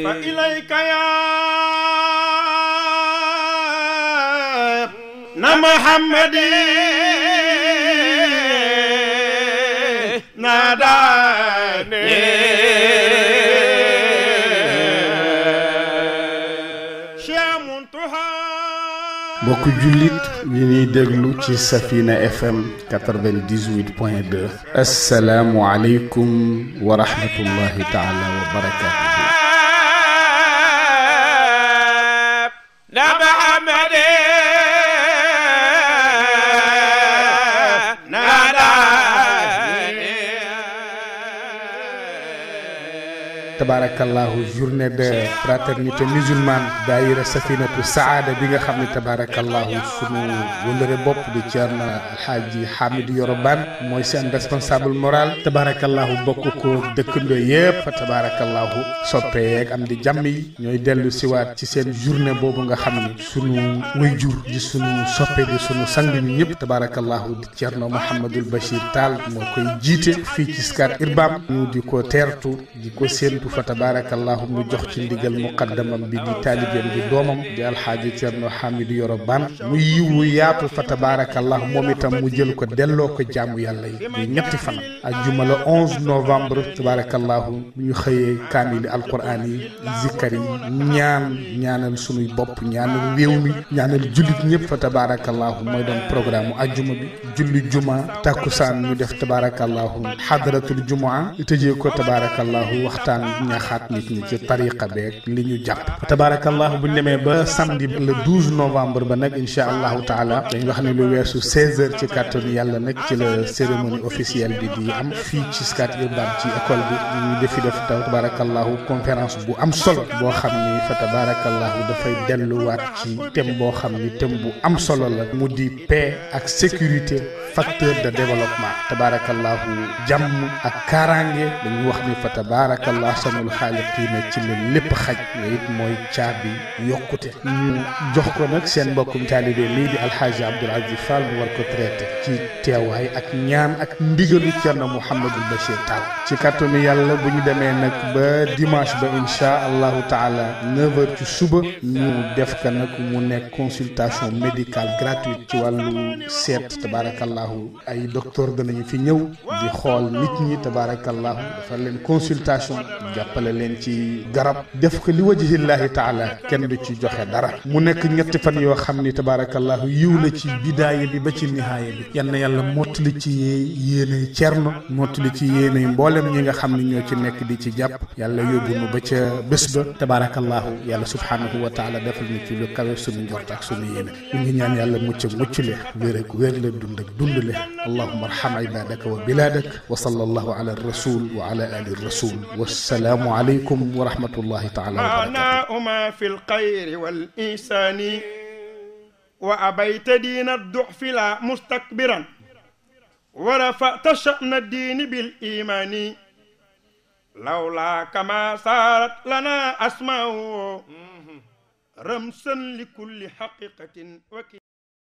فإليك يا محمد ناداني mbokk jullit yi ñuy déglu ci safina fm 98.2 asalaamualeykum wa rahmatullahi taala wa barakatuh Muhammad tabaarakallaahu journée de fraternité musulmane daayira safinatu saada bi nga xam ne tabaarakallaahu sunu wëllëre bopp di Ceerno Alxaaji Hamid Yoro Bane mooy seen responsable moral tabaarakallaahu bokk ko dëkkandoo yëpp fa tabaarakallaahu soppee yeeg am di jàmm yi ñooy dellu siwaat ci seen journée boobu nga xam ni sunu wayjur di sunu soppe di sunu sang ñu ñëpp tabaarakallaahu di Ceerno Mouhamadul Bachir Tall moo koy jiite fii ci Scat Urbam ñu di ko teertu di ko séen lépp fa tabaarakallaahu mu jox ci ndigal muqaddamam bi di taalibeem bi doomam di alxaaji Cerno Hamidou Yoro Bane mu yiw wu yaatu fa tabaarakallaahu moom itam mu jël ko delloo ko jaamu yàlla yi muy ñetti fan ak juma 11 novembre tabaarakallaahu bu ñu xëyee kaamili alquraan yi zikkar yi ñaan ñaanal sunuy bopp ñaanal réew mi ñaanal jullit ñëpp fa tabaarakallaahu mooy doon programme mu ajjuma bi julli juma tàkkusaan ñu def tabaarakallaahu xadaratul jumaa tëjee ko tabaarakallaahu waxtaan ñaxaat nit ñi ci tariqa beeg li ñu jàpp tabarakallahu bu ñu demee ba samedi le 12 novembre ba nag insha allahu taala dañ wax ne lu weesu 16 heures ci kàttanu yàlla nag ci la cérémonie officielle bi di am fii ci scat urban ci école bi ñu defi def tabarakallahu conférence bu am solo boo xam ni fa tabarakallahu dafay delluwaat ci thème boo xam ni thème bu am solo la mu di paix ak sécurité facteur de développement tabarakallahu jàmm ak kaaraange dañu wax ni fa tabarakallahu سانو الخالق تي نه تي ليپ خاج ويت موي تشابي يوكوتي جوخ كو نك سين بوكوم طالبي لي دي الحاج عبد العزيز فال بو وركو تريت تي تيواي اك نيام اك نديغلو سين محمد البشير تال تي كاتومي يالا بو ني دامي با ديماش با ان شاء الله تعالى تي صبح ني ديف نك مو نيك كونسلتاسيون ميديكال تي والو سيت تبارك الله اي دكتور دا في نيو دي خول نيت تبارك الله فالين كونسلتاسيون jàppale len ci garab def ko li wajhi allah taala kenn du ci joxe dara mu nek ñetti fan yo xamni ni tabarakallahu yiw la ci bidaaya bi ba ci nihaaya bi yal na yàlla motli ci yene cierno motli ci yene mbollem ñi nga xamni ñoo ci nek di ci jàpp yàlla yóbbu nu ba ca bés ba tabarakallahu yàlla subhanahu wa taala defal ñu ci lu kawe suñu njort ak suñu yene ñi ñaan yàlla mucc mucc le wér ak wér la dund ak dund le اللهم ارحم عبادك وبلادك وصلى الله على الرسول وعلى آل الرسول والسلام عليكم ورحمة الله تعالى وبركاته ما في الخير والإنسان وأبيت دين الضعف لا مستكبرا ورفعت شأن الدين بالإيمان لولا كما صارت لنا أسماء رمسا لكل حقيقة وكي